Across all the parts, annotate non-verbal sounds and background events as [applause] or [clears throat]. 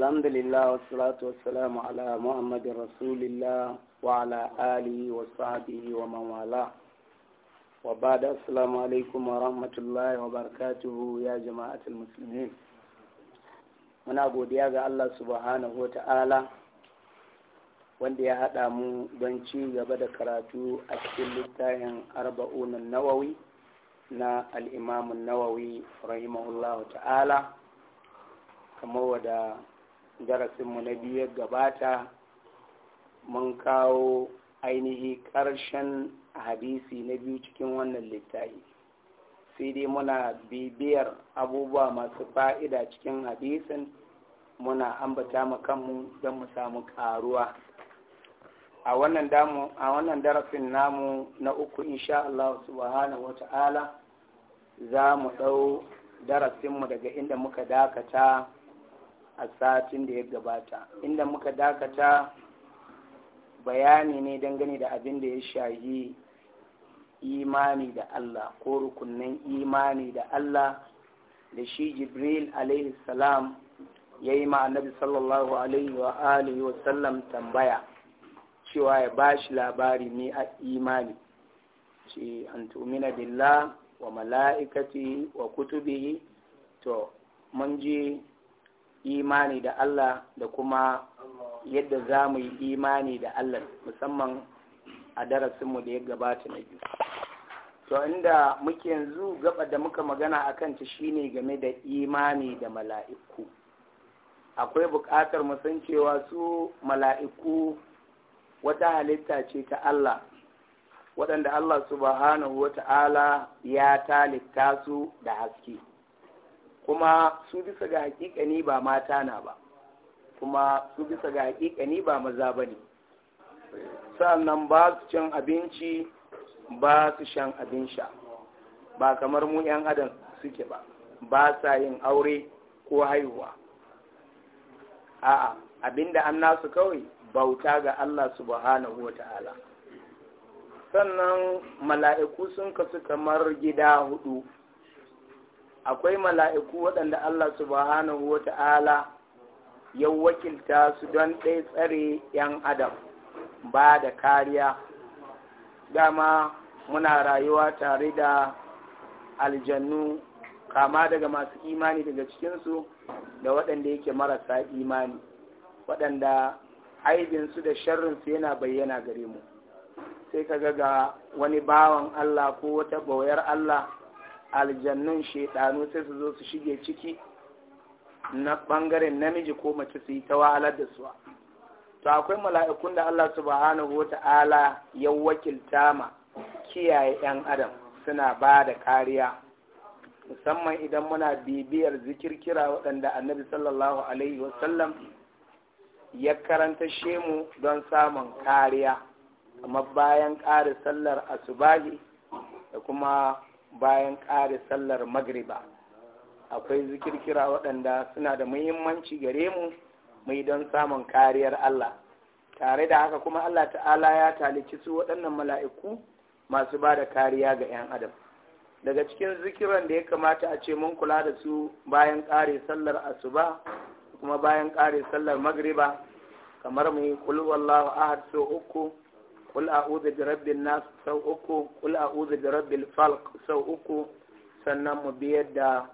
الحمد لله والصلاة والسلام على محمد رسول الله وعلى آله وصحبه ومن والاه وبعد السلام عليكم ورحمة الله وبركاته يا جماعة المسلمين muna godiya ga Allah subhanahu ta'ala wanda ya haɗa mu don ci gaba da karatu a cikin littafin arba'unan nawawi na al'imamun nawawi rahimahullahu ta'ala kamar da. darasinmu na biyu gabata mun kawo ainihi ƙarshen hadisi na biyu cikin wannan littafi sai dai muna bibiyar abubuwa masu fa'ida cikin hadisin muna ambata mu kanmu don mu samu ƙaruwa a wannan darasin namu na uku insha Allah subhanahu wa ta'ala za mu ɗau darasinmu daga inda muka dakata a satin da ya gabata inda muka dakata bayani ne dangane da abin da ya shayi imani da Allah ko rukunin imani da Allah da shi jibril alaihi salam ya yi ma'anabi sallallahu alaihi wa alihi wa sallam tambaya cewa ya ba shi labari ne a imani ce an tumina billah wa mala'ikati wa kutubihi to mun je. imani da Allah da kuma yadda za mu yi imani da Allah musamman a darasinmu da ya gabata na biyu. To inda muke yanzu gaba da muka magana a kanta shi ne game da imani da mala'iku. Akwai buƙatar mu san cewa su mala'iku wata halitta ce ta Allah, waɗanda Allah subhanahu wa ta'ala ya talitta su da haske. kuma su bisa ga hakikani ba mata na ba kuma su bisa ga hakikani ba maza ba ne Sannan ba su cin abinci ba su shan abin sha ba kamar mu 'yan adam suke ba ba sa yin aure ko haihuwa a'a abinda an nasu kawai bauta ga Allah subhanahu wa ta'ala sannan mala'iku sun kasu kamar gida hudu akwai mala'iku waɗanda Allah subhanahu wa ta'ala ya wakilta su don ɗai tsare ‘yan adam ba da kariya dama muna rayuwa tare da aljannu kama daga masu imani daga cikinsu da waɗanda yake marasa imani waɗanda aibinsu da sharrinsu yana bayyana gare mu sai ka ga wani bawan Allah ko wata bawayar Allah aljannan shaidanu sai su zo su shige ciki na ɓangaren namiji ko mace su yi ta wahalar da suwa to akwai mala'ikun da Allah subhanahu wa ta'ala ya wakilta ma kiyaye 'yan adam suna ba da kariya musamman idan muna bibiyar zikirkira waɗanda annabi sallallahu alaihi wasallam ya karanta shemu don samun kariya kamar bayan ƙari sallar asubahi da kuma bayan ƙare sallar magriba akwai zikirkira waɗanda suna da muhimmanci gare mu mai don samun kariyar Allah tare da haka kuma Allah ta'ala ya taliki su waɗannan mala'iku masu ba da kariya ga 'yan adam daga cikin zikiran da ya kamata a ce mun kula da su bayan ƙare sallar asuba kuma bayan ƙare sallar magriba kamar mu yi ahad so uku qul a'udhu bi rabbin nas sau uku qul a'udhu bi rabbil falq sau uku sannan mu biyar da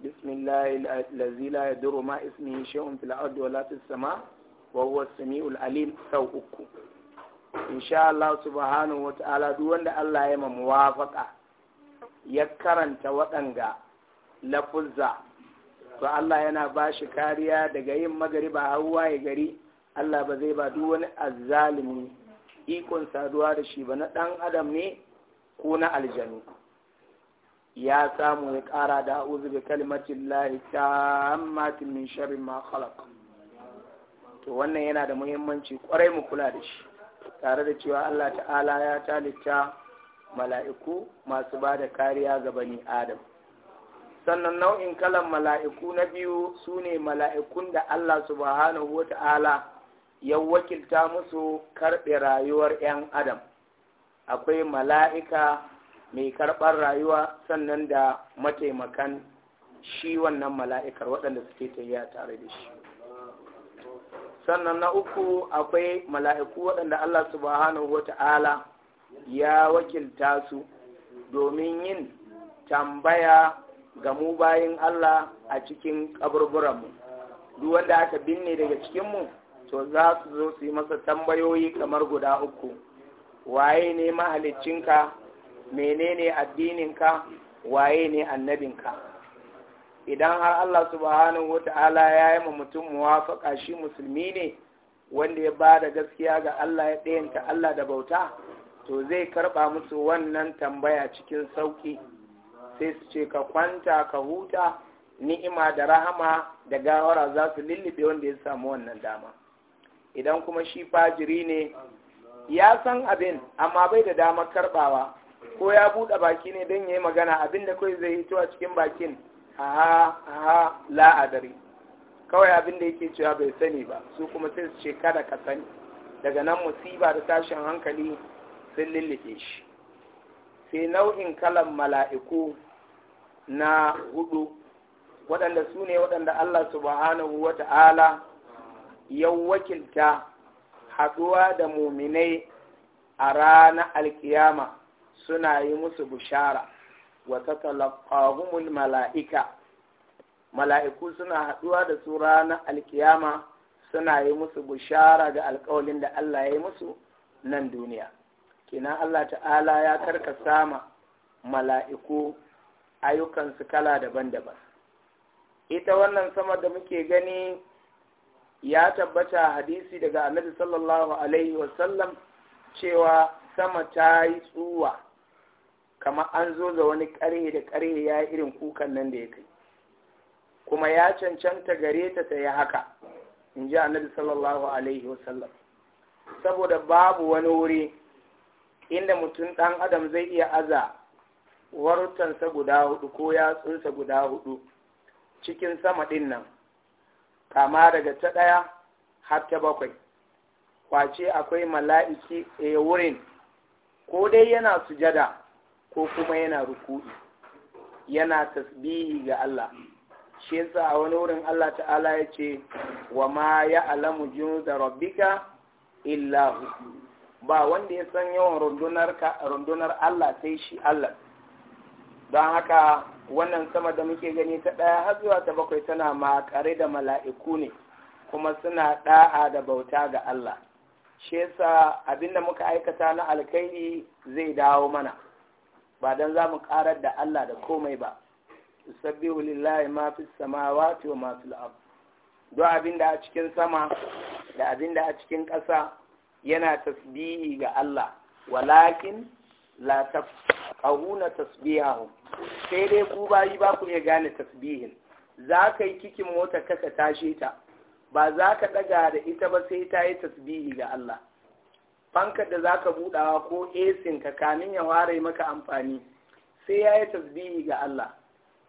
bismillahi allazi la yadurru ma ismihi shay'un fil sama wa huwa alim sau uku insha Allah wa ta'ala duk wanda Allah ya muwafaka ya karanta waɗanga lafuzza to Allah yana ba shi kariya daga yin magariba har waye gari Allah ba zai ba duk wani azzalumi. ikon saduwa da shi ba na ɗan adam ne ko na aljanu ya samu ya ƙara da uzu da kalimatin lahi hammatin min sharin ma khalaq to wannan yana da muhimmanci kwarai mu kula da shi tare da cewa Allah ta'ala ya talitta mala'iku masu ba da kariya ga bani adam sannan nau'in kalan mala'iku na biyu su ne mala'ikun da Allah subhanahu wa ta'ala ya wakilta musu karɓe rayuwar 'yan adam akwai mala'ika mai karɓar rayuwa sannan da mataimakan shi wannan mala'ikar waɗanda suke tafiya tare da shi sannan na uku akwai mala'iku waɗanda Allah subhanahu wata'ala ya wakilta su domin yin tambaya ga mu bayin Allah a cikin ƙaburburanmu duk wanda aka binne daga cikinmu to za su zo su yi masa tambayoyi kamar guda uku waye ne mahaliccinka menene addininka waye ne annabinka idan har Allah subhanahu wata'ala ya yi ma mutum muwafaka shi musulmi ne wanda ya ba da gaskiya ga Allah ya ɗayanta Allah da bauta to zai karɓa musu wannan tambaya cikin sauƙi sai su ce ka kwanta ka huta ni'ima da rahama da gawara za su lullube wanda ya samu wannan dama idan kuma shi fajiri ne ya san abin amma bai da damar karbawa ko ya buɗe baki ne don ya yi magana abin da kawai zai yi a cikin bakin aha aha la'adari kawai abin da yake cewa bai sani ba su kuma sai su ce kada ka sani daga nan musiba da tashin hankali sun lullufe shi sai nau'in kalan mala'iku na hudu waɗanda su ne waɗanda Allah subhanahu wa ta'ala Yau, wakilta haɗuwa da muminai a ranar alkiyama suna yi musu bushara wata talafahumul mala'ika mala'iku suna haɗuwa da su ranar alkiyama suna yi musu bushara ga alkawalin da Allah ya yi musu nan duniya Kina Allah ta'ala ya karka sama mala'iku ayyukansu kala daban-daban ita wannan sama da muke gani ya tabbata hadisi daga annabi sallallahu alaihi wasallam cewa sama ta yi tsuwa kamar an zo ga wani ƙarhe da ƙarhe ya yi irin kukan nan da ya kai kuma ya cancanta gare ta ta yi haka in ji annabi sallallahu alaihi wasallam saboda babu wani wuri inda mutum ɗan adam zai iya aza wartansa guda hudu ko yatsunsa guda hudu cikin sama ɗin nan kama daga ta ɗaya har ta bakwai kwace akwai mala'iki a eh, wurin ko dai yana sujada ko kuma yana ruku'i yana tasbihi ga Allah shi yasa a wani wurin Allah ta'ala ya ce wa ma ya alamu da rabbika illa ba wanda ya san yawan rundunar Allah sai shi Allah don haka wannan sama da muke gani ta ɗaya har zuwa ta bakwai tana makare da mala'iku ne kuma suna ɗa'a da bauta ga Allah shi yasa abinda muka aikata na alkairi zai dawo mana ba dan za mu ƙarar da Allah da komai ba sabbihu lillahi ma fi samawati wa ma fil ard abinda a cikin sama da abinda a cikin ƙasa yana tasbihi ga Allah walakin la tafsir tafqahuna tasbihahum sai dai ku bayi ba ku iya gane tasbihin za ka yi kikin mota kaka tashe ta ba za ka daga da ita ba sai ta yi tasbihi ga Allah fankar da za ka budawa ko esin ka kamin ya ware maka amfani sai ya yi tasbihi ga Allah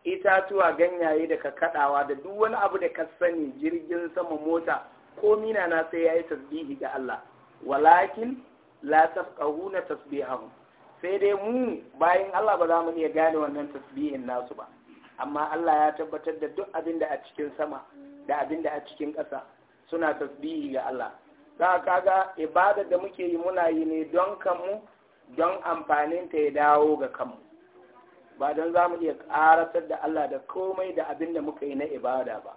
itatuwa ganyaye da ka kadawa da duk wani abu da ka sani jirgin sama mota ko mina na sai ya yi tasbihi ga Allah walakin la tafqahuna tasbihahum sai dai mu bayan Allah ba za mu iya gane wannan tasbihin nasu ba amma Allah ya tabbatar da duk abin da a cikin sama da abin da a cikin ƙasa suna tasbihi ga Allah za ka kaga ibada da muke yi muna yi ne don kanmu don amfanin ta ya dawo ga kanmu ba don za mu iya karatar da Allah da komai da abin da muka yi na ibada ba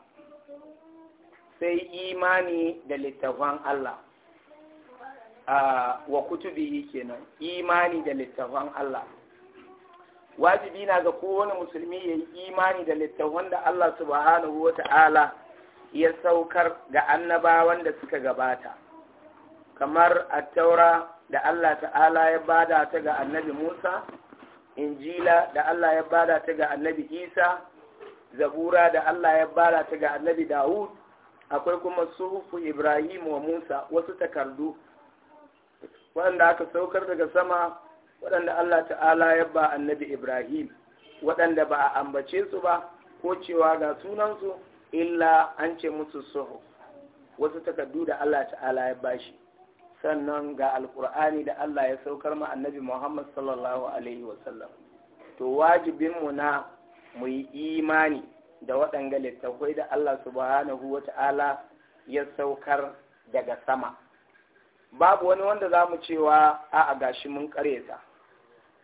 sai imani da littafan Allah wa kutubihi kenan imani da littafan Allah wajibi na ga kowane musulmi ya yi imani da littafan da Allah subhanahu wa ta'ala ya saukar ga annabawan da suka gabata kamar attaura da Allah ta'ala ya bada ta ga annabi Musa injila da Allah ya bada ta ga annabi Isa zabura da Allah ya bada ta ga annabi Dawud akwai kuma suhufu Ibrahim wa Musa wasu takardu waɗanda aka saukar daga sama waɗanda Allah ta'ala ya ba annabi Ibrahim waɗanda ba a ambace su ba ko cewa ga sunansu illa an ce musu suhu wasu takardu da Allah ta'ala ya bashi sannan ga alkur'ani da Allah ya saukar ma annabi Muhammad sallallahu alaihi wasallam to wajibinmu na mu yi imani da waɗanga littattafai da Allah subhanahu wa ta'ala ya saukar daga sama babu wani wanda za mu cewa a gashi mun ta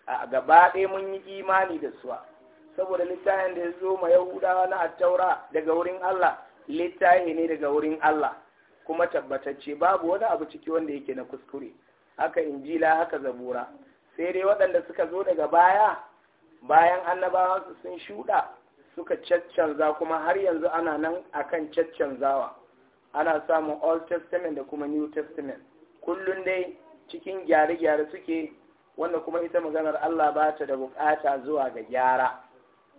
a gaba ɗaya mun yi imani da suwa saboda littafin da ya zo ma yahudawa na attaura daga wurin Allah littafi ne daga wurin Allah kuma tabbatacce babu wani abu ciki wanda yake na kuskure haka injila haka zabura sai dai waɗanda suka zo daga baya bayan annabawa sun shuɗa suka caccanza kuma har yanzu ana nan akan caccanzawa ana samun old testament da kuma new testament kullun dai cikin gyare-gyare suke wanda kuma ita maganar Allah ba ta da bukata zuwa ga gyara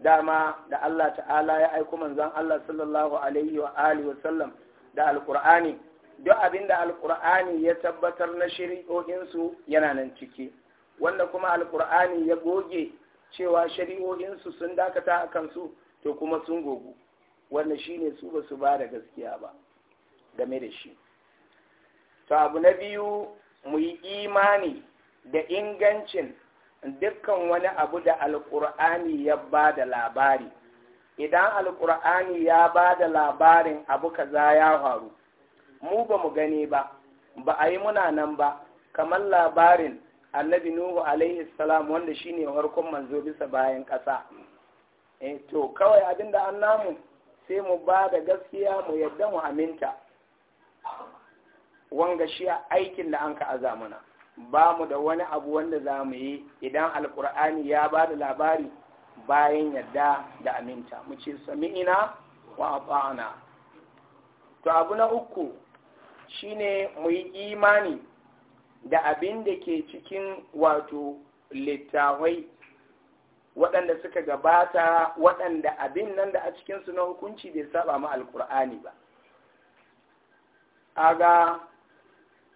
dama da Allah ta'ala ya aiko manzon Allah sallallahu alaihi wa alihi wa sallam da alqur'ani duk abinda alqur'ani ya tabbatar na shari'o'in su yana nan ciki wanda kuma alqur'ani ya goge cewa shari'o'in su sun dakata akan su to kuma sun gogu wanda shine su ba su ba da gaskiya ba game da shi to abu na biyu mu yi imani da ingancin dukkan wani abu da alƙur'ani ya ba da labari idan alƙur'ani ya ba da labarin abu kaza ya faru mu ba mu gani ba ba a yi muna nan ba kamar labarin annabi nuhu alaihi salam wanda shine harkon manzo bisa bayan ƙasa eh, to kawai abinda an namu sai mu ba da gaskiya mu yadda mu aminta wanga shi aikin da an ka mana ba mu da wani abu wanda za mu yi idan alkur'ani ya ba da labari bayan yadda da aminta mu ce sami'ina wa ata'ana to abu na uku shine mu yi imani da abin da ke cikin wato littawai waɗanda suka gabata waɗanda abin nan da a cikinsu na hukunci bai saba ma alkur'ani ba aga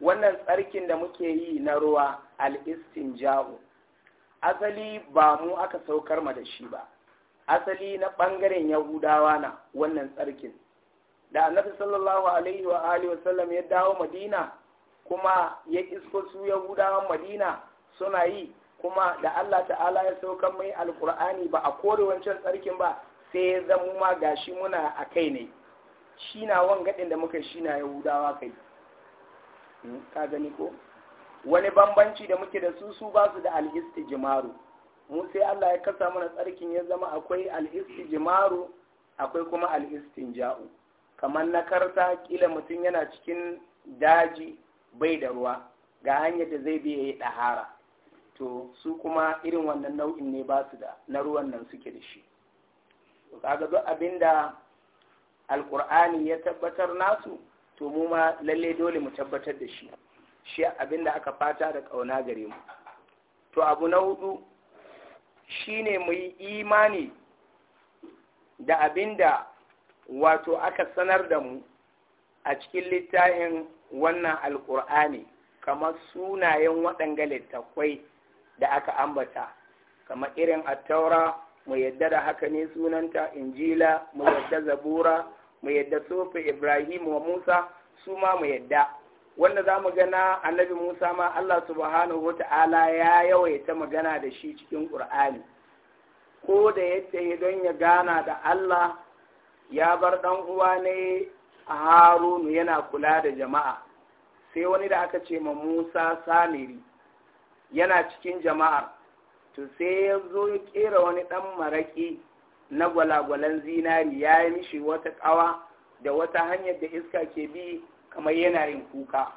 wannan tsarkin da muke yi na ruwa al-istinja'u asali ba mu aka saukar ma da shi ba asali na ɓangaren yahudawa na wannan tsarkin da annabi sallallahu alaihi wa alihi wa sallam ya dawo madina kuma ya isko su yahudawan madina suna yi kuma da Allah ta'ala ya saukar mai alkur'ani ba a kore wancan tsarkin ba sai ya zama ma gashi muna a kai ne shi na wangaɗin da muka shi na yahudawa kai ka gani ko wani bambanci da muke da su su basu da al-istijmaru mu sai Allah ya kasa mana tsarkin ya zama akwai al-istijmaru akwai kuma al-istinja'u kamar na karta kila mutum yana cikin daji bai da ruwa ga hanyar da zai biya ya dahara to su kuma irin wannan nau'in ne ba su da na ruwan nan suke da shi kaga duk abinda alkur'ani ya tabbatar nasu to mu ma lalle dole mu tabbatar da shi shi abin da aka fata da ƙauna gare mu to abu na hudu shine mu yi imani da abin da wato aka sanar da mu a cikin littafin wannan alƙur'ani kamar sunayen waɗanga littattafai da aka ambata kamar irin attaura mu yadda da haka ne sunanta injila mu yadda zabura mu yadda sofe Ibrahim wa Musa su ma mu yadda wanda za mu gana annabi Musa ma Allah subhanahu ta'ala ya yawaita magana da shi cikin Ƙur'ani ko da yadda don ya gana da Allah ya bar ɗan uwa ne a Harunu yana kula da jama'a sai wani da aka ce ma Musa Samiri yana cikin jama'ar to sai ya zo ya kera wani ɗan maraƙi na gwalagwalan zinari ya yi mishi wata ƙawa da wata hanyar da iska ke bi kamar yana yin kuka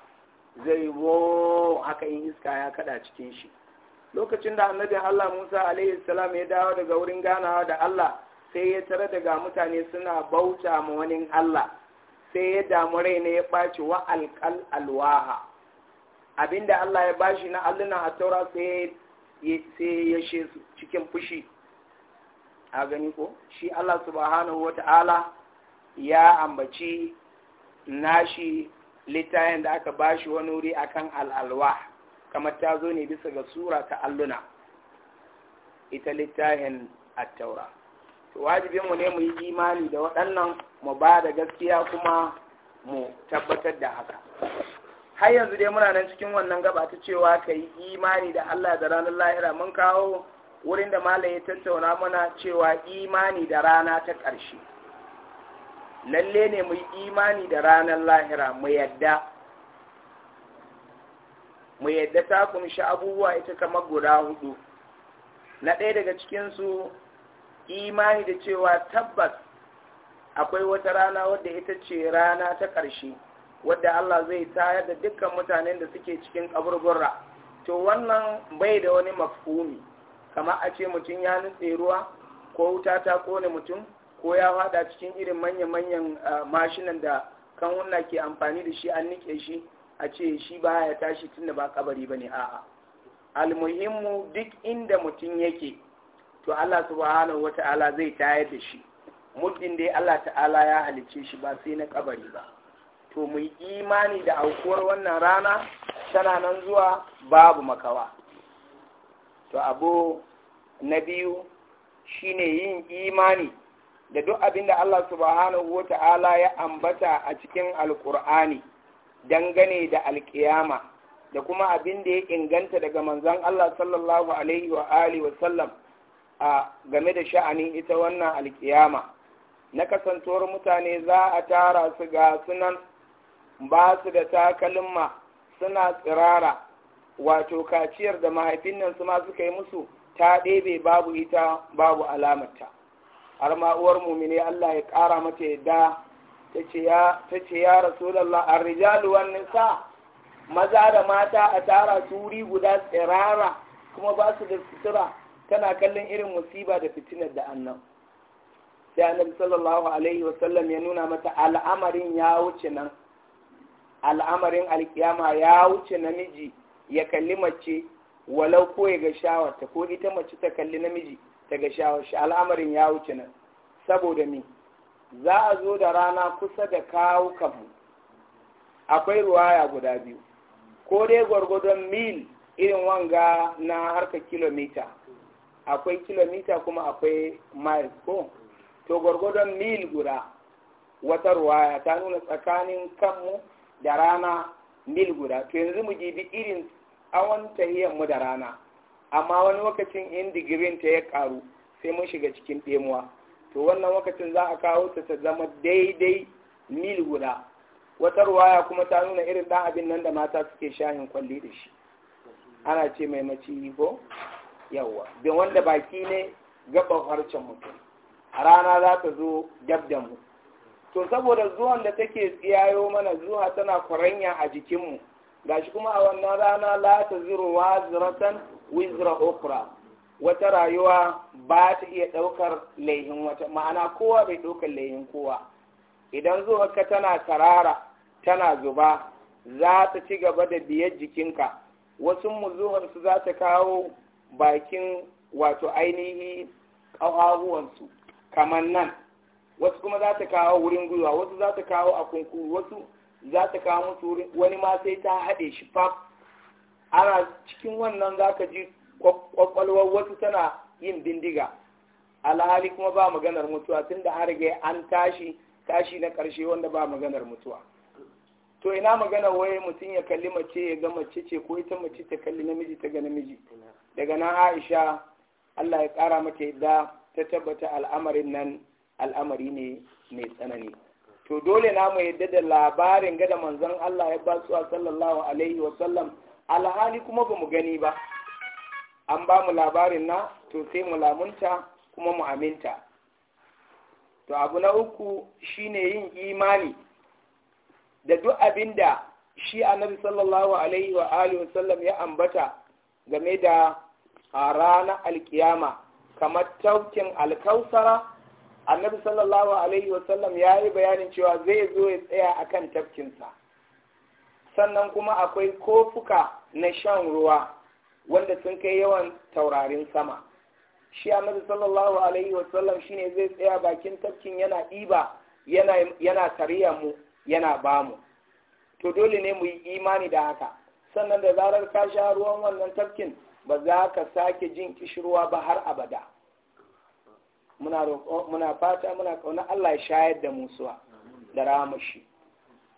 zai wo haka yin iska ya kada cikin shi lokacin da annabin Allah Musa alaihi salam ya dawo daga wurin ganawa da Allah sai ya tare daga mutane suna bauta ma wani Allah sai ya damu raina ya ɓaci wa alƙal alwaha abinda Allah ya bashi na alluna a taura sai ya she cikin fushi a gani ko shi Allah subhanahu Ta'ala ya ambaci nashi littafin da aka bashi wani wuri akan al'alwa kamar ta zo ne bisa ga sura ta alluna ita littayin attaura wajibinmu ne mu yi imani da waɗannan mu ba da gaskiya kuma mu tabbatar da haka har yanzu dai muna nan cikin wannan gaba ta cewa ka yi imani da Allah da ranar lahira mun kawo wurin da malam ya tattauna mana cewa imani da rana ta ƙarshe lalle ne mu imani da ranar lahira mu yadda mu yadda ta kunshi abubuwa ita kamar guda hudu na ɗaya daga cikinsu imani da cewa tabbas akwai wata rana wadda ita ce rana ta ƙarshe wadda Allah zai tayar da dukkan mutanen da suke cikin kaburburra to wannan bai da wani mafhumi kamar a ce mutum ya nutse ruwa ko wuta ta kone mutum ko ya hada cikin irin manya-manyan ah, mashinan da kanwunna ke amfani da shi an nike shi a ce shi ba ya tashi tunda ba kabari ba ne a'a almuhimmu duk inda mutum yake to Allah subhanahu wata'ala zai tayar da shi muddin dai Allah ta'ala ya halicce shi ba sai na kabari ba to mu imani da aukuwar wannan rana tana nan zuwa babu makawa to abu na biyu shi ne yin imani da duk abin da Allah subhanahu wa ta'ala ya ambata a cikin alkur'ani dangane da alkiyama da kuma abin da ya inganta daga manzan Allah sallallahu alaihi wa alihi wa sallam a game da sha'anin ita wannan alkiyama na kasantuwar mutane za a tara su ga sunan ba su da takalma suna tsirara wato kaciyar da mahaifin nan su ma suka yi musu ta ɗebe babu ita babu alamarta har ma uwar Allah ya ƙara mata yadda ta ce ya rasulallah a rijalu wannan sa maza da mata a tara turi guda tsirara kuma ba su da sutura tana kallon irin musiba da fitinar da annan sai annabi sallallahu alaihi wasallam ya nuna mata al'amarin ya wuce nan al'amarin alkiyama ya wuce namiji ya kalli mace walau ko ya ga shawarta ko ita mace ta kalli namiji ta ga shi. al'amarin ya wuce nan saboda me za a zo da rana kusa da kawo kamu akwai ruwaya guda biyu ko dai gwargwadon mil irin wanga na harka kilomita akwai kilomita kuma akwai miles ko to gwargwadon mil guda wata ruwaya ta nuna tsakanin kanmu da rana mil guda to yanzu mu jibi irin awon tahiyyar yammu da rana amma wani lokacin in digirin ta ya karu sai mun shiga cikin ɗemuwa to wannan lokacin za a kawo ta ta zama daidai mil guda wata ya kuma ta nuna irin ɗan abin nan da mata suke shayin kwalli da shi ana ce mai maci ko yawwa da wanda baki ne gaban harcen mutum rana za ta zo gab da mu to saboda zuwan da take tsiyayo mana zuwa tana kwaranya a jikinmu gashi kuma a wannan rana la wa ziratan wizra okra wata rayuwa ba ta iya ɗaukar laihin wata ma'ana kowa bai ɗaukar laihin kowa idan ka tana karara tana zuba za ta ci gaba da biyar jikinka wasu su za ta kawo bakin wato ainihi ƙawahuwansu kamar nan wasu kuma za ta kawo wurin gwiwa wasu za ta kawo a kunkuru wasu za ta kawo musu wani ma sai ta haɗe shi faf ana cikin wannan za ka ji kwakwalwar wasu tana yin bindiga alhali kuma ba maganar mutuwa tun da harge an tashi tashi na ƙarshe wanda ba maganar mutuwa to ina maganar waye mutum ya kalli mace ya ga mace ce ko ita mace ta kalli namiji ta ga namiji daga nan aisha allah ya ƙara mata yadda ta tabbata al'amarin nan al'amari ne mai tsanani to dole na mu yadda da labarin gada manzon Allah ya basu su sallallahu alaihi wa sallam alhali kuma ba mu gani ba an ba mu labarin na to sai mu lamunta kuma mu aminta to abu na uku shine yin imani da duk abinda shi annabi sallallahu alaihi wa alihi wa sallam ya ambata game da ranar alkiyama kamar taukin alkausara annabi sallallahu alaihi wasallam ya yi bayanin cewa zai zo ya tsaya a kan tafkinsa sannan kuma akwai kofuka na shan ruwa wanda sun kai yawan taurarin sama shi annabi sallallahu alaihi wasallam shine zai tsaya bakin tafkin yana ɗiba yana yana mu yana bamu to dole ne mu yi imani da haka sannan da zarar ka sha ruwan wannan tafkin ba za ka sake jin kishirwa ba har abada muna fata muna kauna Allah ya shayar da musuwa da ramashi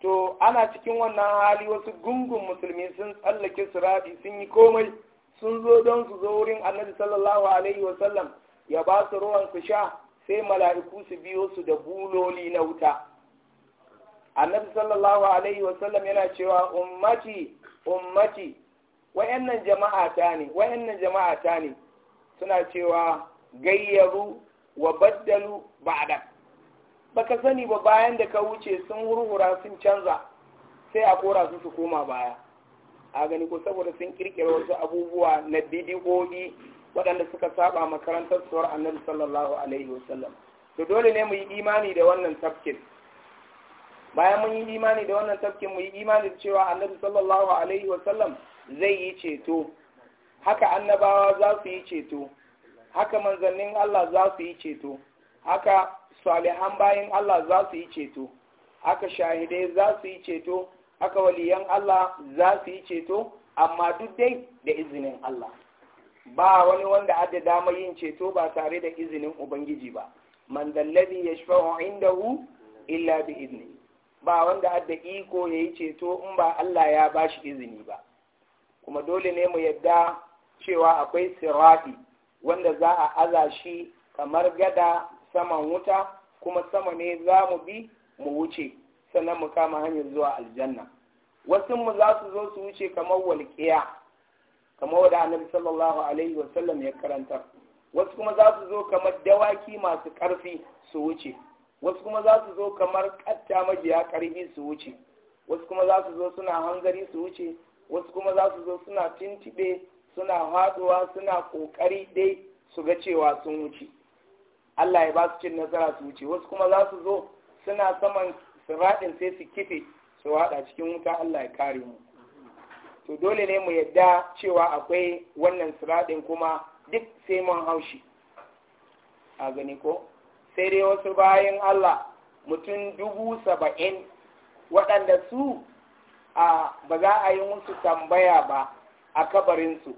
to ana cikin wannan hali wasu gungun musulmi sun tsallake suradi sun yi komai sun zo don su zo wurin annabi sallallahu alaihi wasallam ya ba su ruwan su sha sai mala'iku su biyo su da buloli na wuta annabi sallallahu alaihi wasallam yana cewa ummati ummati wayannan jama'a ta ne wayannan jama'a ta ne suna cewa gayyaru wa baddalu ba'da baka sani ba bayan da ka wuce sun hurhura sun canza sai a kora su su koma baya a gani ko saboda sun kirkira wasu abubuwa na bidiyoyi waɗanda suka saba makarantar suwar annabi sallallahu alaihi wasallam to dole ne mu yi imani da wannan tafkin bayan mun yi imani da wannan tafkin mu yi imani da cewa annabi sallallahu alaihi wasallam zai yi ceto haka annabawa za su yi ceto haka manzannin Allah za su yi ceto haka salihan bayan Allah za su yi ceto haka shahidai za su yi ceto haka waliyan Allah za su yi ceto amma duk dai da izinin Allah ba wani wanda ada dama yin ceto ba tare da izinin ubangiji ba man dallazi yashfa'u indahu illa bi izni ba wanda adda iko yayi ceto in ba Allah ya bashi izini ba kuma dole ne mu yadda cewa akwai sirafi. wanda za a aza shi kamar gada saman wuta kuma sama ne za mu bi mu wuce sannan mu kama hanyar zuwa aljanna wasu mu za su zo su wuce kamar walƙiya kamar wadda annabi sallallahu alaihi wasallam ya karanta wasu kuma za su zo kamar dawaki masu ƙarfi su wuce wasu kuma za su zo kamar ƙatta majiya ƙarfi su wuce wasu kuma za su zo suna hanzari su wuce wasu kuma za su zo suna tintibe suna haɗuwa suna ƙoƙari dai su ga cewa sun wuce Allah ya ba su cin nasara su wuce wasu kuma za su zo suna saman siraɗin sai su kife su haɗa cikin wuta Allah ya kare mu to dole ne mu yadda cewa akwai wannan siraɗin kuma duk sai mun haushi a gani ko sai dai wasu bayan Allah mutum dubu saba'in waɗanda su a ba za a yi musu tambaya ba a kabarinsu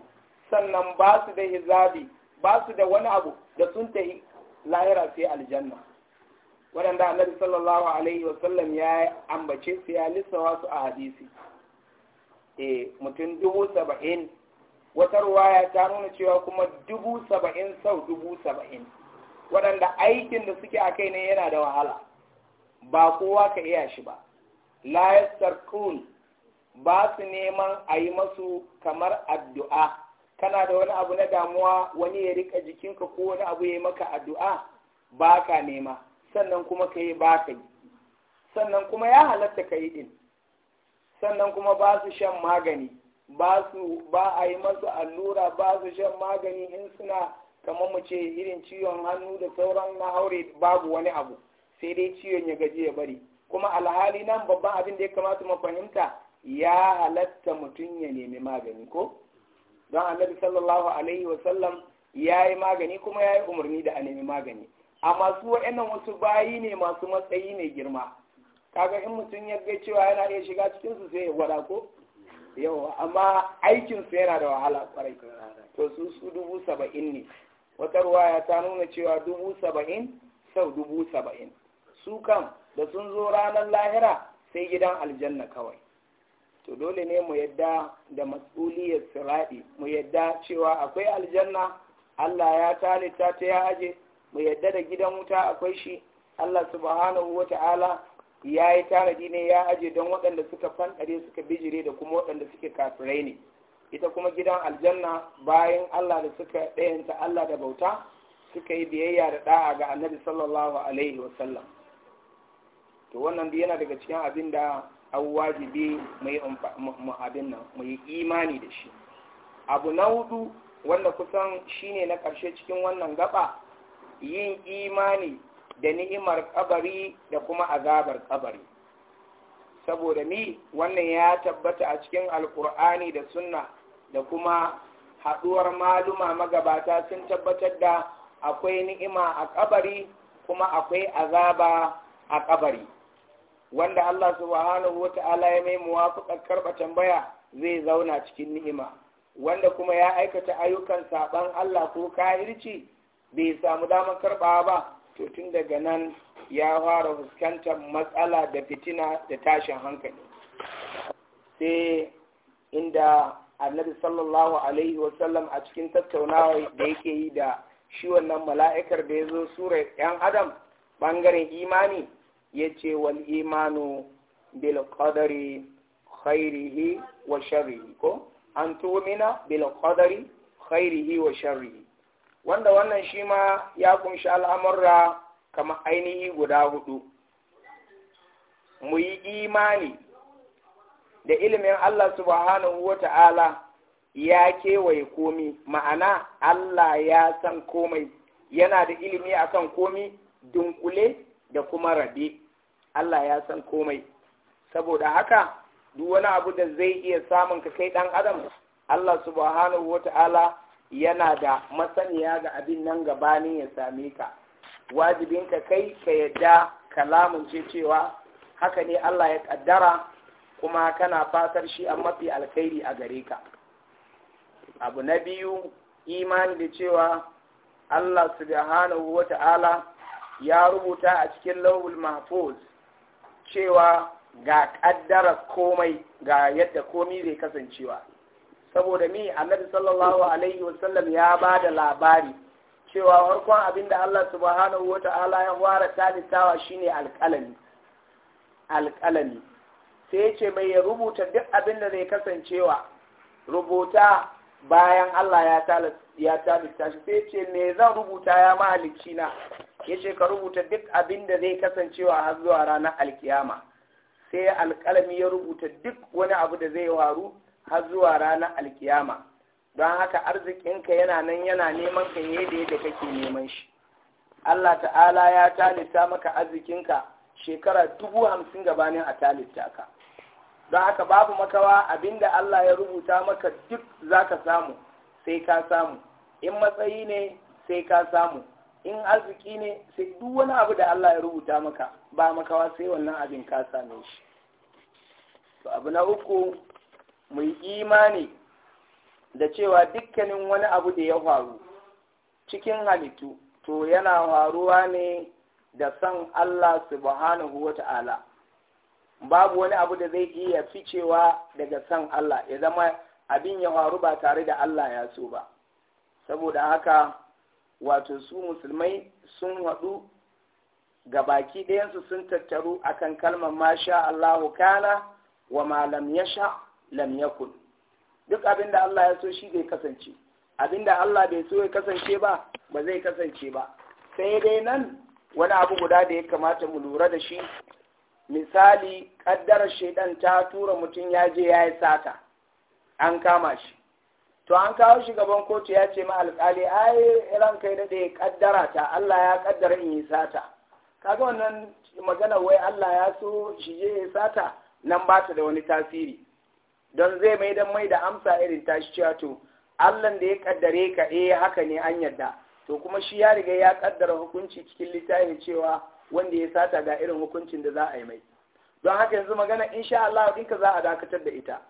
sannan ba su da hizabi ba su da wani abu da sun yi lahira sai aljanna waɗanda annabi sallallahu alaihi wasallam ya ambace su ya lissawa su a hadisi e mutum dubu saba'in wata ruwaya ta nuna cewa kuma dubu saba'in sau dubu saba'in waɗanda aikin da suke a kai ne yana da wahala ba kowa ka iya shi ba la yastarkun ba su neman a yi masu kamar addu'a kana da wani abu na damuwa wani ya rika jikinka ko wani abu ya yi maka addu'a ba ka nema sannan kuma ka yi ba ka yi sannan kuma ya halatta ka yi din sannan kuma ba su shan magani ba su ba a yi masu allura ba su shan magani in suna kamar mu ce irin ciwon hannu da sauran na aure babu wani abu sai dai ciwon ya gaji ya bari kuma alhali nan babban abin da ya kamata mu fahimta ya halatta mutum ya nemi magani ko don annabi sallallahu alaihi wasallam ya yi magani kuma ya yi umarni da a nemi magani amma su wa'annan wasu bayi ne masu matsayi mai girma kaga in mutum ya ga cewa yana iya shiga cikin su sai ya gwada ko yawa amma aikin su yana da wahala kwarai to su su dubu saba'in ne wata ruwaya ta nuna cewa dubu saba'in sau dubu saba'in su kan da sun zo ranar lahira sai gidan aljanna kawai to dole ne mu yadda da mas'uliyar siraɗi mu yadda cewa akwai aljanna Allah ya talita ta ya aje mu yadda da gidan wuta akwai shi Allah subhanahu wa ta'ala ya yi tanadi ne ya aje don waɗanda suka fanɗare suka bijire da kuma waɗanda suke kafirai ne ita kuma gidan aljanna bayan Allah da suka ɗayanta Allah da bauta suka yi biyayya da ɗa'a ga annabi sallallahu alaihi wasallam to wannan yana daga cikin abin da au wajibi mu abin nan mai imani da shi abu na hudu wanda kusan shine na karshe cikin wannan gaba yin imani da ni'imar kabari da kuma azabar kabari saboda ni wannan ya tabbata a cikin alkur'ani da sunna da kuma haduwar maluma magabata sun tabbatar da akwai ni'ima a kabari kuma akwai azaba a kabari wanda Allah subhanahu wa ta'ala ya mai muwafiƙar karɓa tambaya zai zauna cikin ni'ima wanda kuma ya aikata ayyukan saban Allah ko kahirci bai samu damar karɓa ba to tun daga nan ya fara fuskantar matsala da fitina da tashin hankali sai inda annabi sallallahu alaihi wasallam a cikin tattaunawa da yake yi da shi wannan mala'ikar da ya zo surar 'yan adam ɓangaren imani yace wal imanu bil qadari khairihi wa sharrihi ko an tumina bil qadari khairihi wa sharrihi wanda wannan shi ma ya kunshi al'amurra kama ainihi guda hudu mu yi imani da ilimin Allah subhanahu wa ta'ala ya kewaye komi ma'ana Allah ya san komai yana da ilimi akan komi dunkule da kuma rabe Allah ya san komai saboda haka duk wani abu da zai iya samun ka kai dan adam Allah subhanahu wata'ala yana da masaniya ga abin nan gabani ya same ka wajibin ka kai ka yadda kalamun ce cewa haka ne Allah ya kaddara kuma kana fatar shi a mafi alkhairi a gare ka abu na biyu imani da cewa Allah subhanahu wata'ala ya rubuta a cikin lawul mahfuz cewa ga kaddara komai ga yadda komai zai kasancewa saboda mi annabi sallallahu alaihi wasallam ya ba da labari cewa harkon abinda Allah subhanahu wa ta'ala ya fara talisawa shine alƙalami alƙalami sai ya ce mai ya rubuta duk abinda zai kasancewa rubuta bayan Allah ya talista shi sai ce me zan rubuta ya mahalicci na ya ce ka rubuta duk abin da zai kasancewa har zuwa ranar alkiyama sai alƙalami ya rubuta duk wani abu da zai waru har zuwa ranar alkiyama don haka arzikinka yana nan yana neman ka yadda yadda kake neman shi Allah ta'ala ya talita maka arzikinka shekara dubu hamsin gabanin a talita ka don haka babu makawa abin da Allah ya rubuta maka duk za ka samu sai ka samu in matsayi ne sai ka samu in arziki ne sai duk wani abu da Allah ya rubuta maka ba makawa sai wannan abin ka same shi to abu na uku mu yi imani da cewa dukkanin wani abu da ya faru cikin halittu to yana faruwa ne da san Allah subhanahu wata'ala babu wani abu da zai iya ficewa daga san Allah ya zama abin ya faru ba tare da Allah ya so ba saboda haka wato su musulmai sun haɗu ga baki ɗayansu sun tattaru akan kalmar masha Allahu kana wa ma lam yasha lam yakun duk abinda Allah ya so shi bai kasance da Allah bai so ya kasance ba ba zai kasance ba sai dai nan wani abu guda da ya kamata mu lura da shi misali ƙaddarar shaidan ta tura mutum ya je ya yi sata an kama shi to an kawo shugaban kotu ya ce ma alƙali ai kai ya daɗe kaddara ta Allah ya kaddara in yi sata kaga wannan magana wai Allah ya so shi je ya sata nan ba ta da wani tasiri don zai mai dan mai da amsa irin tashi cewa to Allah da ya kaddare ka eh haka ne an yarda to kuma shi ya riga ya ƙaddara hukunci cikin littafin cewa wanda ya sata ga irin hukuncin da za a yi mai don haka yanzu magana insha Allah za a dakatar da ita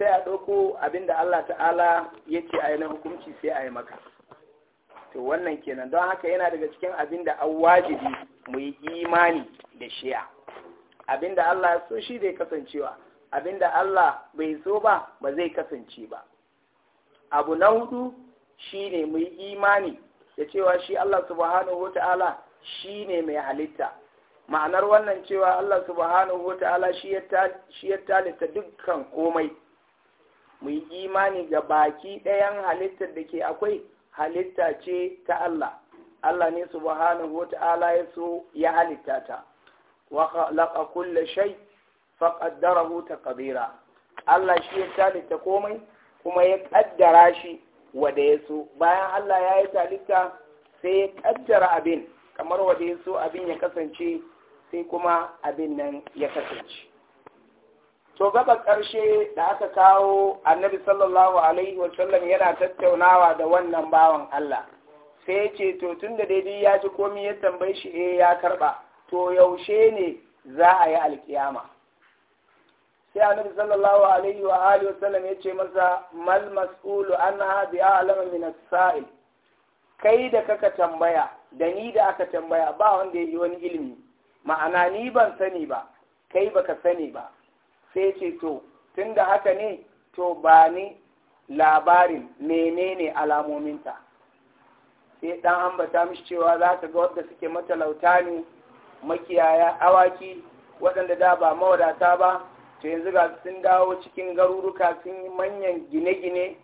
sai a ɗauko abin da Allah ta'ala ya ce a yi na hukunci sai a yi maka to wannan kenan don haka yana daga cikin abin da an wajibi mu yi imani da shi'a abin da Allah so shi zai kasancewa abin da Allah bai so ba ba zai kasance ba abu na hudu shi ne mu yi imani da cewa shi Allah subhanahu ta'ala shi ne mai halitta ma'anar wannan cewa Allah subhanahu ta'ala shi ya talitta dukkan komai mu yi imani ga baki ɗayan halittar da ke akwai halitta ce ta Allah Allah ne subhanahu wa ta'ala ya so ya halitta ta wa khalaqa kulla shay fa qaddarahu taqdira Allah shi ya halitta komai kuma ya ƙaddara shi wanda ya so bayan Allah ya yi halitta sai ya kaddara abin kamar wanda ya so abin ya kasance sai kuma abin nan ya kasance to gaba ƙarshe da aka kawo annabi sallallahu alaihi sallam yana tattaunawa da wannan bawan Allah sai ya ce to tun da daidai ya ji komi ya tambayi shi eh ya karba to yaushe ne za a yi alkiyama sai annabi sallallahu alaihi wa alihi sallam ya ce masa mal mas'ulu anna hadhi a'lamu min as-sa'il kai da kaka tambaya da ni da aka tambaya ba wanda ya yi wani ilimi ma'ana ni ban sani ba kai baka sani ba sai ce to tun da haka ne to ba ni labarin menene alamominta sai dan ambata mishi cewa za ka ga wadda suke matalauta ne makiyaya awaki waɗanda da ba mawadata ba to yanzu ga sun dawo cikin garuruka sun yi manyan gine-gine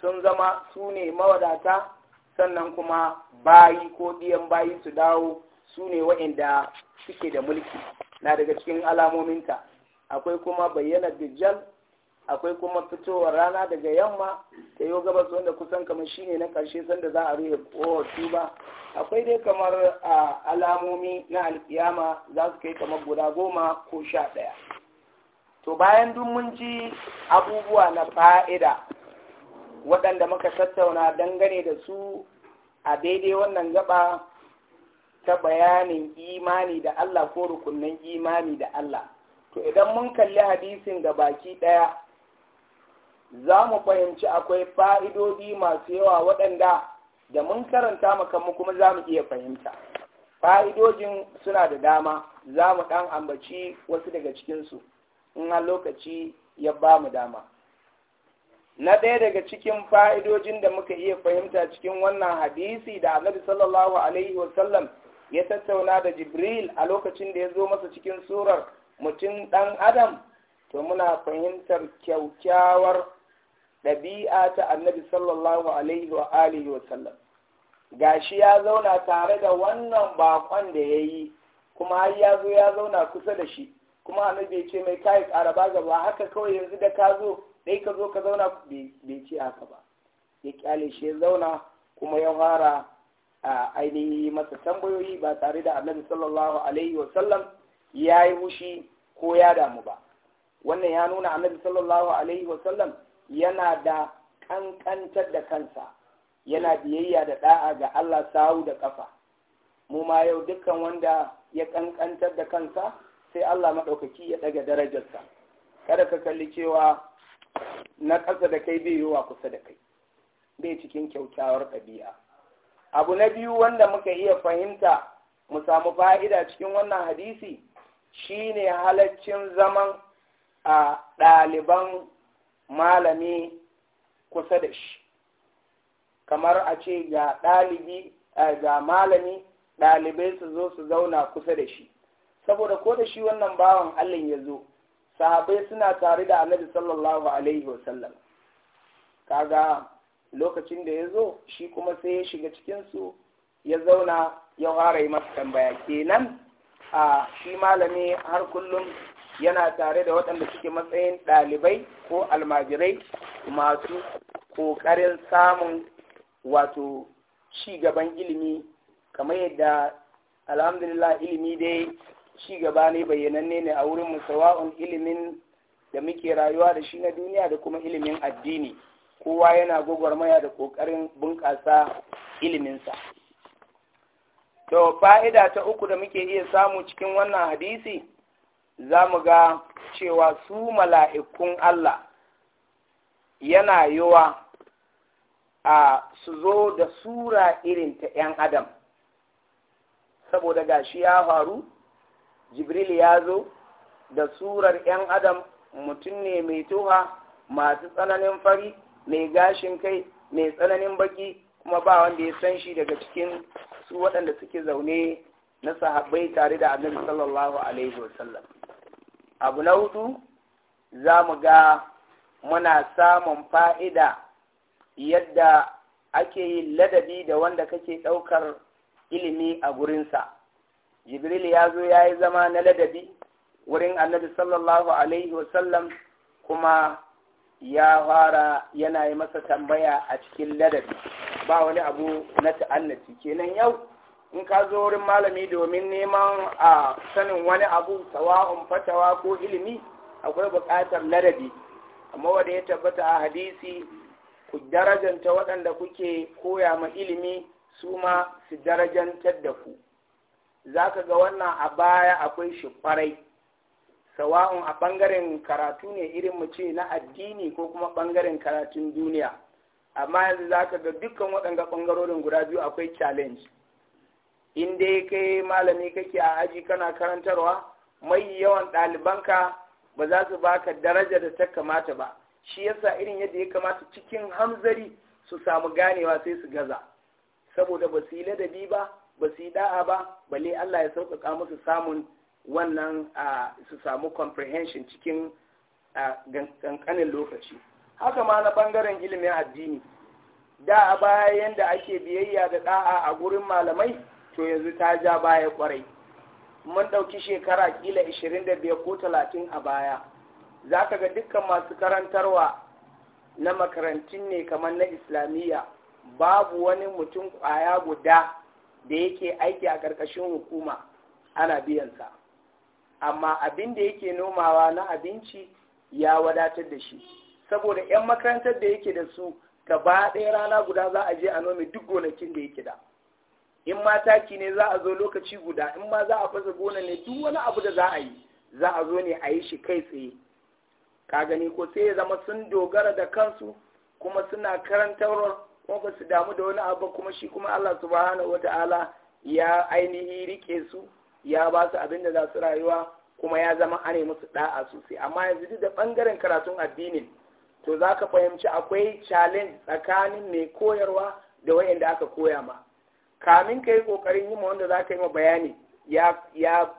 sun zama su ne mawadata sannan kuma bayi ko ɗiyan bayi su dawo su ne waɗanda suke da mulki na daga cikin alamominta akwai kuma bayyana dajjal akwai kuma fitowar rana daga yamma ta yau gabas wanda kusan kamar shi ne na karshe sanda za a rufe kowar tuba akwai dai kamar alamomi na alkiyama za su kai kamar guda goma ko sha ɗaya to bayan duk mun ji abubuwa na fa'ida waɗanda muka tattauna dangane da su a daidai wannan gaba ta bayanin imani da Allah ko rukunin imani da Allah to idan mun kalli hadisin ga baki ɗaya za mu fahimci akwai fa'idodi masu yawa waɗanda da mun karanta makamu kuma za mu iya fahimta fa'idojin suna da dama za mu ɗan ambaci wasu daga cikinsu in lokaci ya ba mu dama na ɗaya daga cikin fa'idodin da muka iya fahimta cikin wannan hadisi da annabi sallallahu alaihi wasallam ya tattauna da jibril a lokacin da ya zo masa cikin surar mutum ɗan adam to muna fahimtar kyaukyawar ɗabi'a ta annabi sallallahu alaihi wa alihi wa sallam gashi ya zauna tare da wannan bakon da ya yi kuma har ya zo ya zauna kusa da shi kuma annabi ce mai kai karaba ba haka kawai yanzu da ka zo dai ka zo ka zauna bai ce haka ba ya kyale shi ya zauna kuma ya fara a ainihi masa tambayoyi ba tare da annabi sallallahu alaihi wa sallam ya yi mushi ko ya damu ba wannan ya nuna annabi sallallahu alaihi wasallam yana da kankantar da kansa yana biyayya da ɗa'a ga Allah sau da ƙafa. mu ma yau dukkan wanda ya kankantar da kansa sai Allah maɗaukaki ya ɗaga darajarsa kada ka kalli cewa na ƙasa da kai bai yiwa kusa da kai bai cikin kyaukyawar ɗabi'a abu na biyu wanda muka iya fahimta mu samu fa'ida cikin wannan hadisi Shi ne halaccin zaman a ɗaliban malami kusa da shi kamar a ce ga ɗalibi ga malami ɗalibai su zo su zauna kusa da shi saboda ko da shi wannan bawan Allah ya zo sahabai suna tare da annabi sallallahu alaihi wasallam kaga lokacin da ya zo shi kuma sai ya shiga cikinsu ya zauna ya ware yi masa tambaya kenan a shi malami har kullum yana tare da waɗanda suke matsayin ɗalibai ko almajirai masu ƙoƙarin samun wato ci gaban ilimi kamar yadda alhamdulillah ilimi dai ci gaba ne bayyananne ne a wurin musawa'un ilimin da muke rayuwa da shi na duniya da kuma ilimin addini kowa yana gwagwarmaya da ƙoƙarin bunƙasa iliminsa to fa'ida ta uku da muke iya samu cikin wannan hadisi za mu ga cewa su mala'ikun Allah yana yiwa a su zo da sura irin ta ‘yan adam saboda gashi ya faru jibril ya zo da surar ‘yan adam mutum ne mai tuha masu tsananin fari mai gashin kai mai tsananin baki kuma ba wanda ya san shi daga cikin su waɗanda suke zaune na sahabbai tare da annabi sallallahu alaihi wasallam abu na hudu za mu ga muna samun fa'ida yadda ake yi ladabi da wanda kake ɗaukar ilimi a gurinsa jibril ya zo ya yi zama na ladabi wurin annabi sallallahu alaihi wasallam kuma ya fara yana yi masa tambaya a cikin ladabi ba wani abu na ta'annaci kenan yau in ka zo wurin malami domin neman a sanin wani abu tawaun fatawa ko ilimi akwai buƙatar ladabi amma wanda ya tabbata a hadisi ku darajanta waɗanda kuke koya ma ilimi su ma su darajantar da ku za ka ga wannan a baya akwai shi sawa'un a ɓangaren karatu ne irin mu ce na addini ko kuma ɓangaren karatun duniya amma yanzu za ka ga dukkan waɗanga ɓangarorin guda biyu akwai challenge in dai kai malami kake a aji kana karantarwa mai yawan ɗalibanka ba za su baka daraja da ta kamata ba shi yasa irin yadda ya kamata cikin hamzari su samu ganewa sai su gaza saboda ba su yi ladabi ba ba su yi da'a ba balle Allah ya sauƙaƙa musu samun wannan su samu comprehension cikin kankanin lokaci haka ma na ɓangaren ilimin addini da a baya yadda ake biyayya da ɗa'a a gurin malamai to yanzu ta ja baya kwarai mun ɗauki shekara kila 25 ko 30 a baya za ka ga dukkan masu karantarwa na makarantun ne kamar na islamiyya babu wani mutum kwaya guda da yake aiki a ƙarƙashin hukuma ana biyansa amma abin da yake nomawa na abinci ya wadatar da shi saboda 'yan makarantar da yake da su ba ɗaya rana guda za a je a nome duk gonakin da yake da in ma taki ne za a zo lokaci guda in ma za a fasa gona ne duk wani abu da za a yi za a zo ne a yi shi kai tsaye ka gani ko sai ya zama sun dogara da kansu kuma suna karantarwar kuma ba su damu da wani abu kuma shi kuma Allah subhanahu wata'ala ya ainihi rike su ya ba su abin da za su rayuwa kuma ya zama ane musu da'a sosai amma yanzu duk da bangaren karatun addinin to za ka fahimci akwai challenge tsakanin mai koyarwa da wayanda aka koya ma kamin ka yi kokarin yi ma wanda za ka yi ma bayani ya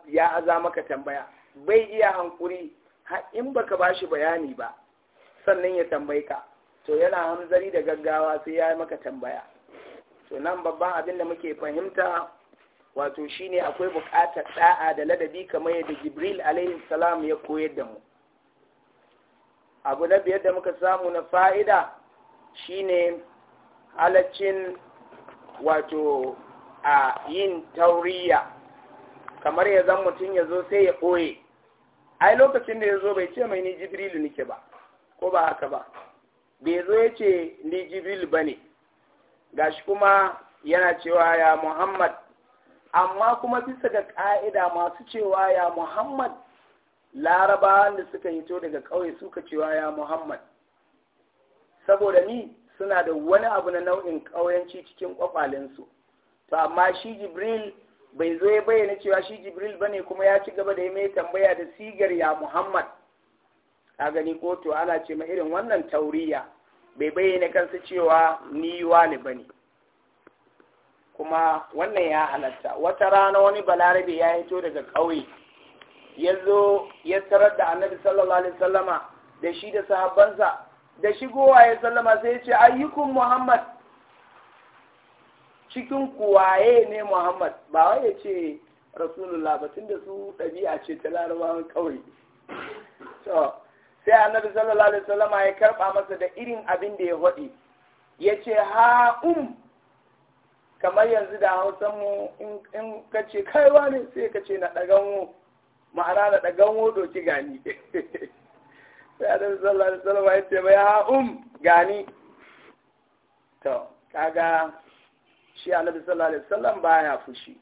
ya aza maka tambaya bai iya hankuri in baka shi bayani ba sannan ya tambayi ka to yana hanzari da gaggawa sai ya yi maka tambaya to nan babban abin da muke fahimta wato shine akwai buƙatar ɗa'a da ladabi kamar yadda jibril alaihi salam ya koyar da mu abu na biyar da muka samu na fa'ida shine halaccin wato a yin tauriya kamar ya zan mutum ya zo sai ya ɓoye ai lokacin da ya zo bai ce mai ni jibrilu nike ba ko ba haka ba bai zo ya ce ni jibrilu ba ne gashi kuma yana cewa ya muhammad amma kuma bisa ga ka'ida masu cewa ya muhammad larabawan da suka yi to daga ƙauye suka cewa ya muhammad saboda ni suna da wani abu na nau'in ƙauyanci cikin ƙwaƙwalinsu to amma shi jibril bai zo ya bayyana cewa shi jibril bane kuma ya ci gaba da ya mai tambaya da sigar ya muhammad a gani ko to ana ce ma irin wannan tauriya bai bayyana kansa cewa ni wani bane kuma wannan ya halatta wata rana wani balarabe ya hito daga ƙauye ya zo ya tarar da annabi sallallahu alaihi sallama da shi da sahabbansa da shigowa ya sallama sai ya ce ayyukun muhammad cikin kuwaye ne muhammad ba wai ya ce rasulullah ba tun da su ɗabi'a ce ta larabawan ƙauye sai annabi sallallahu alaihi sallama ya karɓa masa da irin abin da ya haɗe ya ce ha'um kamar yanzu da hausan mu in ka ce kai ne sai ka ce na ɗagan ma'ana na ɗagan doki gani [laughs] sai a dabi sallallahu salama ya ce bai ha'um gani to kaga shi annabi sallallahu alaihi ba baya fushi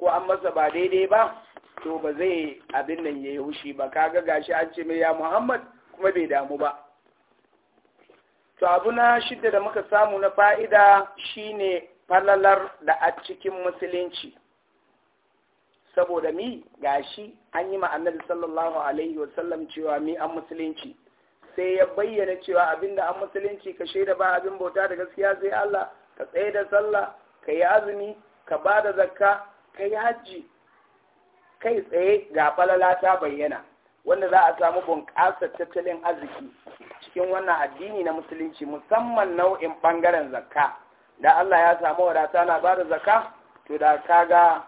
ko an masa ba daidai ba to ba zai abin nan ya yi fushi ba kaga gashi an ce mai ya Muhammad kuma bai damu ba to abu na shidda da muka samu na fa'ida shine falalar da a cikin musulunci saboda mi gashi an yi ma'anar sallallahu alaihi wasallam cewa mi an musulunci sai ya bayyana cewa abinda an musulunci ka shaida ba abin bauta da gaskiya sai Allah ka tsaye da sallah ka yi azumi ka ba da zakka ka yi hajji kai tsaye ga falala ta bayyana wanda za a samu bunƙasar tattalin arziki cikin wannan addini na musulunci musamman nau'in ɓangaren zakka da Allah ya samu wadata na ba da zaka to da kaga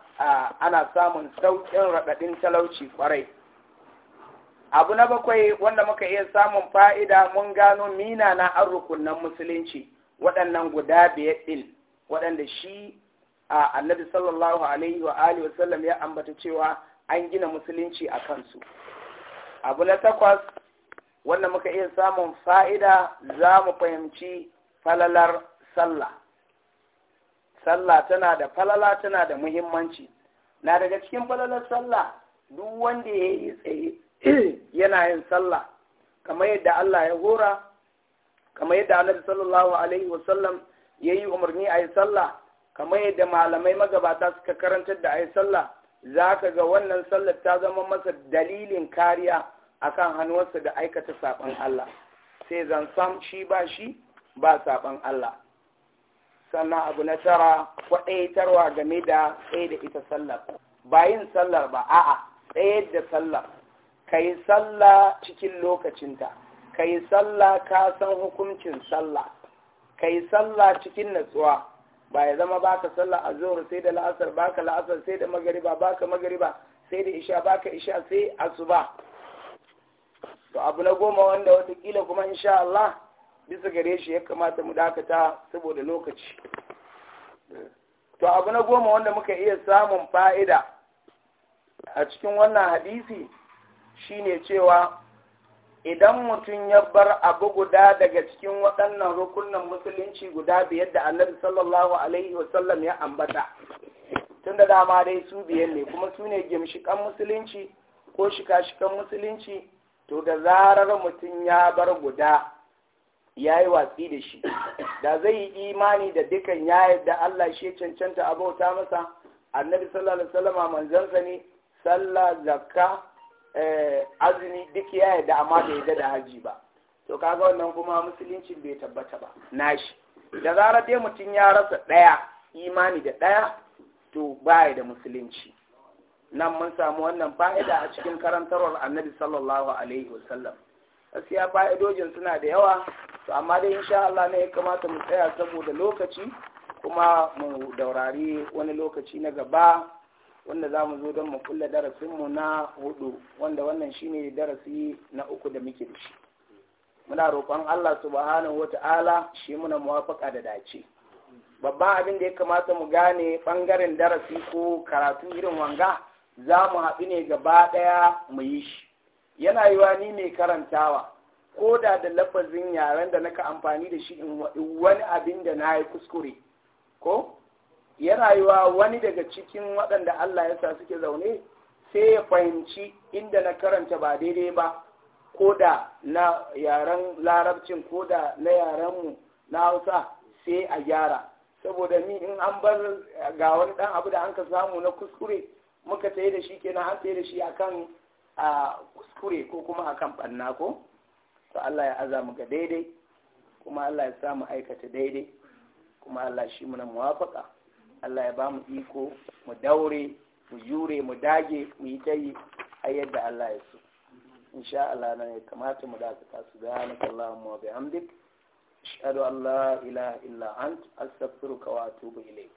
ana samun sauƙin raɗaɗin talauci kwarai abu na bakwai wanda muka iya samun fa'ida mun gano mina na an rukunan musulunci waɗannan guda biyar ɗin waɗanda shi a annabi sallallahu alaihi wa alihi sallam ya ambata cewa an gina musulunci a kansu abu na takwas wanda muka iya samun fa'ida za mu fahimci falalar sallah sallah tana da falala tana da muhimmanci na daga cikin falalar sallah duk wanda ya yi tsaye [clears throat] yana yin sallah kamar yadda Allah ya hora kamar yadda annabi sallallahu alaihi ya yi umarni a yi sallah kamar yadda malamai magabata suka karantar da a yi sallah za ka ga wannan sallar ta zama masa dalilin kariya akan hannuwarsa da aikata saɓon Allah sai zan sam shi ba shi ba saɓon Allah sannan abu na tara kwaɗaitarwa game da tsaye da ita sallar bayin sallar ba a'a tsaye da sallar ka yi salla cikin lokacinta ka yi salla ka san hukuncin salla. ka yi salla cikin natsuwa ba ya zama ba ka salla a zuwa sai da la'asar ba ka la'asar sai da magariba ba ka magariba sai da isha ba ka isha sai asuba to abu na goma wanda watakila kuma insha Allah bisa gare shi ya kamata mu dakata saboda lokaci to abu na goma wanda muka iya samun fa'ida a cikin wannan hadisi shine cewa idan mutum ya bar abu guda daga cikin waɗannan rukunan musulunci guda biyar da annabi sallallahu alaihi wasallam ya ambata tun da dama dai su biyar ne kuma su ne gimshikan musulunci ko shika-shikan musulunci to da zarar mutum ya bar guda ya yi watsi da shi da zai yi imani da dukan ya yadda Allah shi cancanta abauta masa annabi sallallahu alaihi wasallama manzansa ne sallah zakka eh, azumi duk ya yadda amma bai yadda da haji ba to kaga wannan kuma musulunci bai tabbata ba nashi da zarar dai mutum ya rasa ɗaya imani da ɗaya to baya da musulunci nan mun samu wannan fa'ida a cikin karantarwar annabi sallallahu alaihi wasallam gaskiya fa'idojin suna da yawa to amma dai insha Allah ne ya kamata mu tsaya saboda lokaci kuma mu daurari wani lokaci na gaba wanda zamu zo don mu kulle darasinmu na hudu wanda wannan shine darasi na uku da muke da shi muna roƙon Allah subhanahu wata'ala shi muna muwafaka da dace babban abin da ya kamata mu gane ɓangaren darasi ko karatu irin wanga zamu mu haɗu ne gaba ɗaya mu yi shi yana yiwa ni mai karantawa ko da da lafazin yaren da naka amfani da shi in wani abin da na yi kuskure ko yana yiwa wani daga cikin waɗanda Allah ya sa suke zaune sai ya fahimci inda na karanta ba daidai ba ko da na yaren larabcin ko da na yarenmu na hausa sai a gyara saboda ni in an bar ga wani ɗan abu da an ka samu na kuskure muka tsaye da shi kenan an tsaye da shi akan a kuskure ko kuma a kan ɓanna ko to Allah ya aza mu ga daidai kuma Allah ya sa mu aikata daidai kuma Allah shi muna muwafaka Allah ya ba mu iko mu daure mu jure mu dage mu yi tayi a yadda Allah ya so insha Allah nan ya kamata mu dakata su bayanaka Allahumma wa bihamdik ashhadu an la ilaha illa ant astaghfiruka wa atubu ilayk